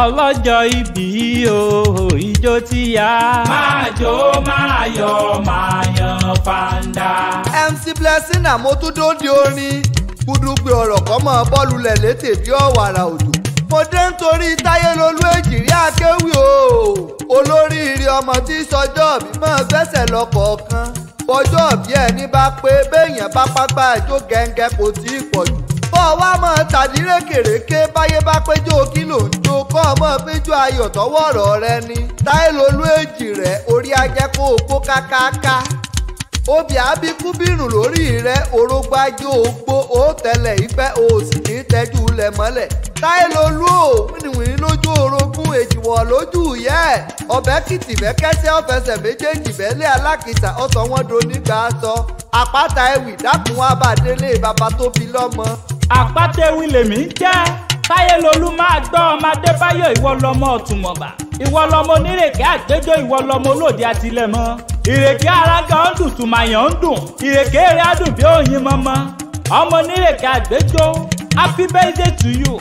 ọlọ́jọ́ ìbí o ìjó tí yá. máa jó máa yọ̀ máa yan fanda. MC Blessing àmótúndó di orin gbúdúgbì ọ̀rọ̀ kọ́ mọ́ bọ́ọ̀lù lẹ̀ létè bí ọ̀wàrà òjò. mo dé nítorí táyé lolú èjìrí akéwì o olóríire ọmọ tí sọjọ́ bí mọ́ fẹsẹ̀ lọ́kọ̀ọ̀kan bọ́jọ́ bí ẹni bá pé béèyàn bá pápá ìjó gẹ́gẹ́ kò tí ì pọ̀jù. bọ́ọ̀ wá mọ́ tàdí rékèrèké báyé bá péjọ kí ló ọmọ péjú ayọ̀ tọwọ́ ọ̀rọ̀ rẹ ni táìlò olú èjì rẹ orí ajẹ́ kó o kó kákáká obì abikúbìrùn lórí rẹ orógbó ajé ògbó ó tẹlẹ̀ ìfẹ́ o sì ní tẹ́jú lẹ̀ mọ́lẹ̀ táìlò olú ò wíníwíní lójú orogún èjìwọ̀ lójú ìyá ẹ̀ ọ̀bẹ kìtì bẹ́ kẹ́sẹ́ ọ̀fẹsẹ̀ méjèèjì bẹ́lẹ̀ alákìsà ọ̀sán wọn do nígbà sọ àpáta ewì dákun abàdélé bàbá tóbi lọ́mọ. àpáta ewì lèmi jẹ́ táyé lolú máa gbọ́ ọmọ adébáyọ̀ ìwọ lọmọ ọ̀túnmọ̀bà ìwọ lọmọ onírèké àgbéjọ ìwọ lọmọ olóde àtìlẹ́mọ́ ìrèké arága ń dùn tùmàyàn ń dùn ìrèké rẹ̀ á bí òyìn mọ́mọ́ ọmọ onírèké àgbéjọ happy birthday to you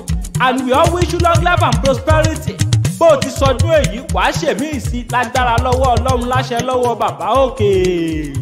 and we all wish you long life and prosperity bó o ti sọdún èyí wàá ṣèmí ìsí lágbára lọ́wọ́ ọlọ́run láṣẹ lọ́wọ́ bàbá òkè. Okay.